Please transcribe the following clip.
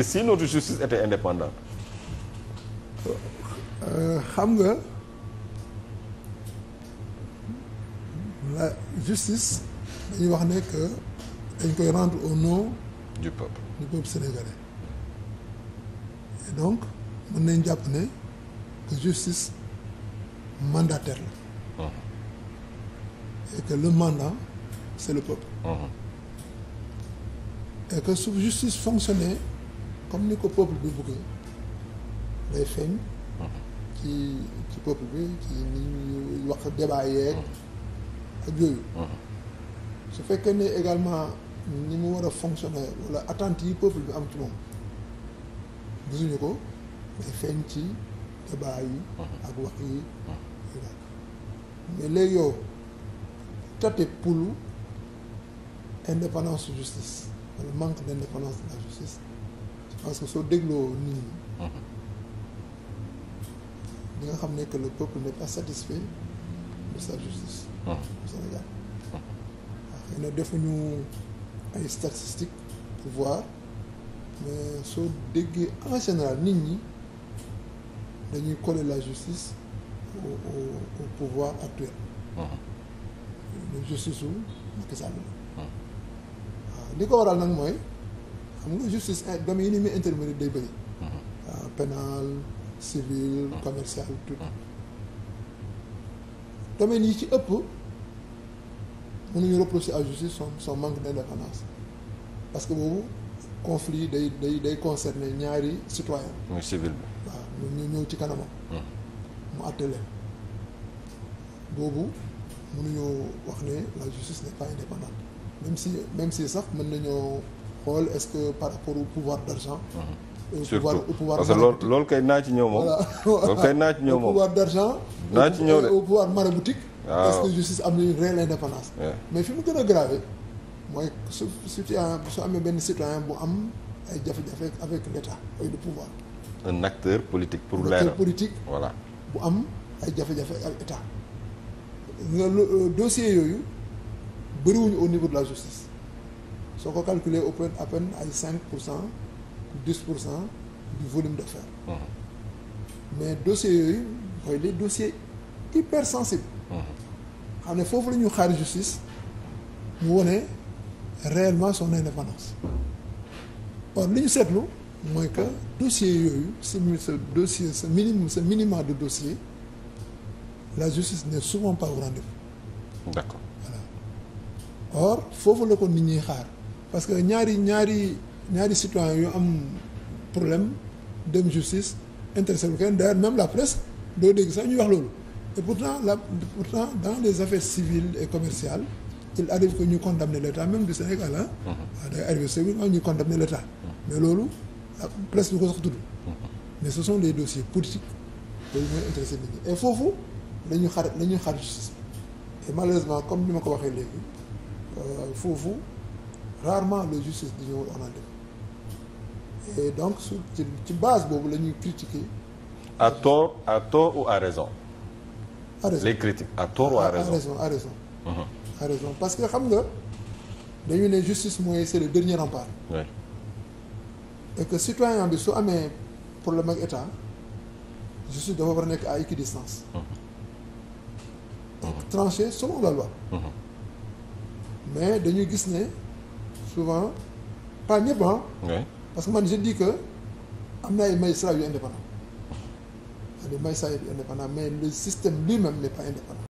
et si notre justice était indépendante uh, xam nga la justice dañuy wax ne que dañ koy rendre au nom du peuple du peuple sénégalais et donc mën nañ jàpp ne que justice mandataire la mm-hmm. et que le mandat c'est le peuple mm-hmm. et que su justice fonctionnait comme ni ko peuple bi bëggee day feeñ mhm. ci ci peuple bi ci ni ñuy wax débat yeeg mhm. ak yooyu mhm. su fekkee ne également ni mu war a fonctionner walla attentes yi peuple bi am ci moom gisuñu ko day feeñ ci débat yi ak wax yi mais léegi yow tate pulu indépendance justice wala manque d' de la justice parce que soo dégloo nit ñi. Mhm. di nga xam ne que le peuple ne pas satisfait de sa justice. Mhm. Sénégal. waaw mhm. ah, xëy na defuñu ay statistiques pour voir mais soo déggee en général nit ñi dañuy coller la justice au au, au pouvoir actuel. justice su Macky Sall la. Ah, waaw li ko waral nag mooy. xam nga justice eh, domaine yi ni muy intervenir day bëri waaw mm-hmm. ah, civil mm-hmm. commercial tout mm-hmm. domaine yi ci ëpp mënuñu reprocher à justice son son manque d'indépendance parce que boobu conflit day day day concerné ñaari citoyen muy civil bi waaw ñu ñëw ci kanamam mu àtte leen boobu mënuñoo wax ne la justice n'est pas indépendante même si même si sax mën nañoo xool est-ce que par rapport au pouvoir d'argent mhm. surtout parce que loolu kay naa ci ñëw moom loolu kay naa ci ñëw moom pouvoir d'argent naa ci ñëw de au pouvoir maraboutique est-ce que justice am na une réelle indépendance mais fi mu gën a grave mooy su citoyen su amee benn citoyen bu am ay jafe-jafe avec l'État et le pouvoir un politique pour leeral politique voilà bu am ay jafe-jafe ak État euh, dossier yooyu bëriwuñu au niveau de la justice soo ko calculer au appen peine ay cinq pour cent dix pour cent du volume d'affaires mmh. mais dossiers yooyu mooy les dossiers hyper sensibles mmh. xam ne foofu la ñu xaar justice mu wone réellement son indépendance or li ñu seetlu mooy que dossier yooyu sa sa dossier sa minimum sa minima de dossier la justice ne souvent pas au rendez or foofu la ko nit ñuy xaar parce que ñaari ñaari ñaari citoyen yu am problème dem justice intéressé lu kenn d'ailleurs même la presse doo dégg sax ñuy wax loolu et pourtant la pourtant dans les affaires civiles et commerciales il arrive que ñu condamner l'État même du Sénégal mm-hmm. ah waaw day arrivé sévèrement ñu condamner l'État mm-hmm. mais loolu la presse du ko sax tudd mm-hmm. mais ce sont des dossiers politiques yooyu mooy intéressé nit ñi et foofu la ñu xaar la ñuy xaar justice et malheureusement comme ni ma ko waxee léegi euh, foofu rarement les justices dañoo orienté et donc ci base boobu la ñuy critiquer à tort à tort ou à raison. à raison les critiques à tort ou à raison à raison à mhm. raison. à raison parce que xam nga dañu ne justice mooy c'est le dernier rempart. oui et que citoyen bi su amee problème ak état justice dafa war a nekk à équidistance. donc mhm. mhm. tranché selon mais dañuy gis ne. souvent pas ñëpp ah. parce que man je dis que am na ay magistrats yu indépendants. c'est-à-dire magistrats yu mais le système lui-même n'est pas indépendant.